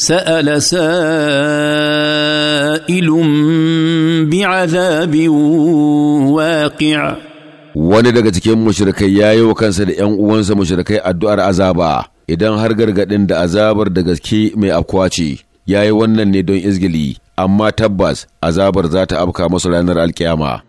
سأل سائل بعذاب واقع wani daga cikin mushrikai ya yi wa kansa da ‘yan uwansa mushrikai addu'ar azaba idan har gargaɗin da azabar da gaske mai afkuwa ce ya yi wannan ne don izgili amma tabbas azabar za ta afka masu ranar alkiyama